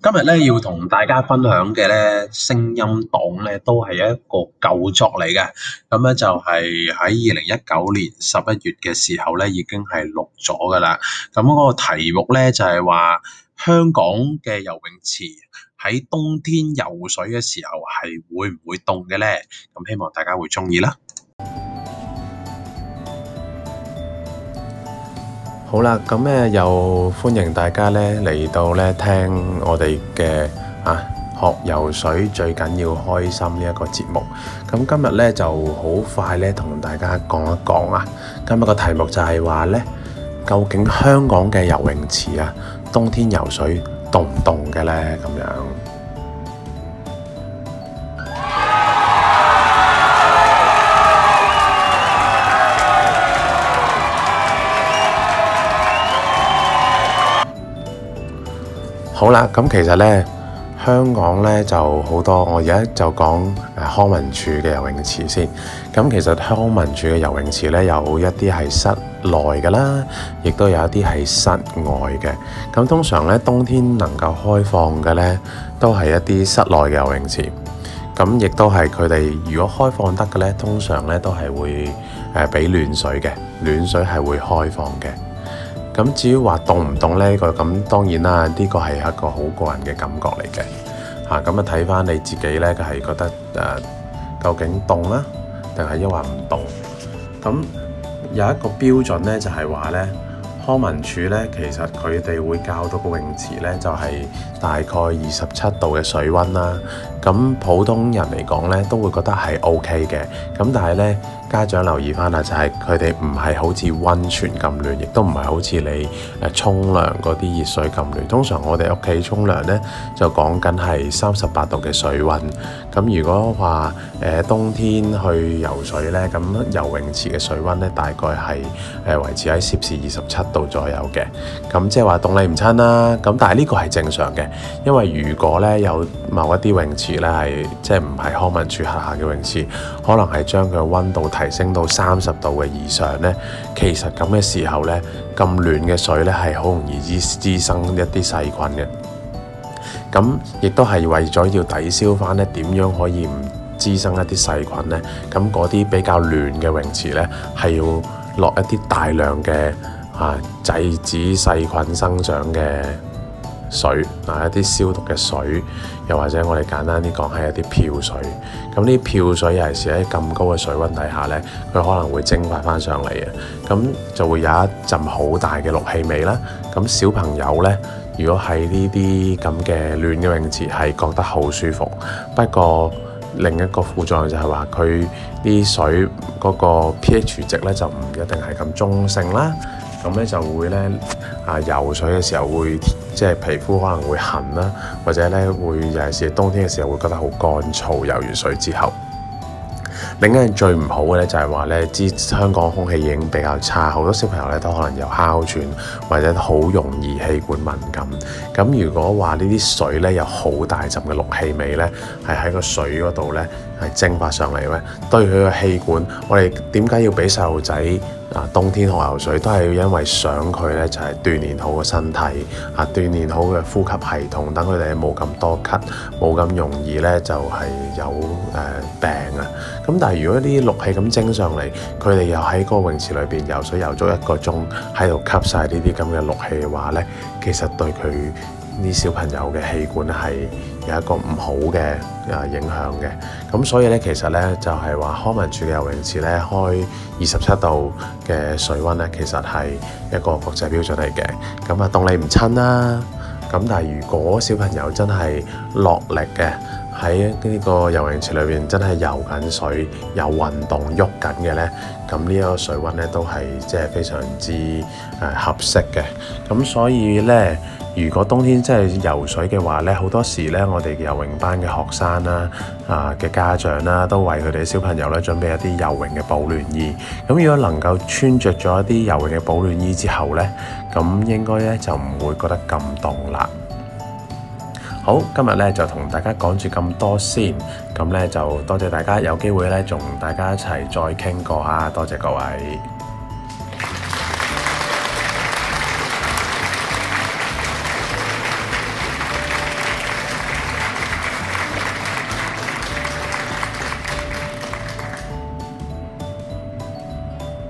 今日咧要同大家分享嘅咧聲音檔咧都係一個舊作嚟嘅，咁咧就係喺二零一九年十一月嘅時候咧已經係錄咗噶啦，咁嗰個題目咧就係話香港嘅游泳池喺冬天游水嘅時候係會唔會凍嘅咧？咁希望大家會中意啦。好啦，咁咧又歡迎大家咧嚟到咧聽我哋嘅啊學游水最緊要開心呢一個節目。咁、嗯、今日咧就好快咧同大家講一講啊，今日個題目就係話咧，究竟香港嘅游泳池啊，冬天游水凍唔凍嘅咧？咁樣。好啦，咁、嗯、其實咧，香港咧就好多，我而家就講誒康文署嘅游泳池先。咁、嗯、其實康文署嘅游泳池咧，有一啲係室內嘅啦，亦都有一啲係室外嘅。咁、嗯、通常咧，冬天能夠開放嘅咧，都係一啲室內嘅游泳池。咁、嗯、亦都係佢哋如果開放得嘅咧，通常咧都係會誒俾暖水嘅，暖水係會開放嘅。咁至於話凍唔凍呢個咁當然啦，呢個係一個好個人嘅感覺嚟嘅吓。咁啊睇翻你自己呢，就係覺得誒、呃、究竟凍啦，定係抑或唔凍？咁有一個標準呢，就係、是、話呢康文署呢，其實佢哋會教到個泳池呢，就係、是、大概二十七度嘅水温啦。咁普通人嚟講呢，都會覺得係 OK 嘅。咁但係呢，家長留意翻啦，就係佢哋唔係好似溫泉咁暖，亦都唔係好似你誒沖涼嗰啲熱水咁暖。通常我哋屋企沖涼呢，就講緊係三十八度嘅水溫。咁如果話誒、呃、冬天去游水呢，咁游泳池嘅水溫呢，大概係誒、呃、維持喺攝氏二十七度左右嘅。咁即係話凍你唔親啦。咁但係呢個係正常嘅，因為如果呢有某一啲泳池呢，係即係唔係康文署轄下嘅泳池，可能係將佢嘅溫度，提升到三十度嘅以上呢，其實咁嘅時候呢，咁暖嘅水呢係好容易滋生滋生一啲細菌嘅。咁亦都係為咗要抵消翻呢，點樣可以唔滋生一啲細菌呢？咁嗰啲比較暖嘅泳池呢，係要落一啲大量嘅嚇、啊、制止細菌生長嘅。水啊，一啲消毒嘅水，又或者我哋簡單啲講，係一啲漂水。咁呢啲漂水，尤其係喺咁高嘅水溫底下呢，佢可能會蒸發翻上嚟嘅，咁就會有一陣好大嘅氯氣味啦。咁小朋友呢，如果喺呢啲咁嘅暖嘅泳池，係覺得好舒服。不過另一個副作用就係話，佢啲水嗰個 pH 值呢，就唔一定係咁中性啦。咁呢就會呢。啊！游水嘅時候會即係皮膚可能會痕啦，或者咧會有陣時冬天嘅時候會覺得好乾燥，游完水之後。另一樣最唔好嘅咧就係話咧，知香港空氣已經比較差，好多小朋友咧都可能有哮喘，或者好容易氣管敏感。咁如果話呢啲水咧有好大陣嘅氯氣味咧，係喺個水嗰度咧係蒸發上嚟咧，對佢個氣管，我哋點解要俾細路仔？啊，冬天學游水都係因為想佢咧，就係、是、鍛鍊好個身體，啊鍛鍊好嘅呼吸系統，等佢哋冇咁多咳，冇咁容易咧就係、是、有誒、呃、病啊。咁但係如果啲氯氣咁蒸上嚟，佢哋又喺個泳池裏邊游水游咗一個鐘，喺度吸晒呢啲咁嘅氯氣嘅話咧，其實對佢，啲小朋友嘅氣管咧係有一個唔好嘅誒影響嘅，咁所以咧其實咧就係話康文署嘅游泳池咧開二十七度嘅水溫咧，其實係一個國際標準嚟嘅。咁啊凍你唔親啦，咁但係如果小朋友真係落力嘅。喺呢個游泳池裏面，真係游緊水、有運動、喐緊嘅呢。咁呢一個水温呢，都係即係非常之誒合適嘅。咁所以呢，如果冬天真係游水嘅話呢，好多時呢，我哋游泳班嘅學生啦、啊嘅家長啦，都為佢哋小朋友呢準備一啲游泳嘅保暖衣。咁如果能夠穿着咗一啲游泳嘅保暖衣之後呢，咁應該呢，就唔會覺得咁凍啦。好，今日咧就同大家講住咁多先，咁咧就多謝大家，有機會咧，同大家一齊再傾過下。多謝各位。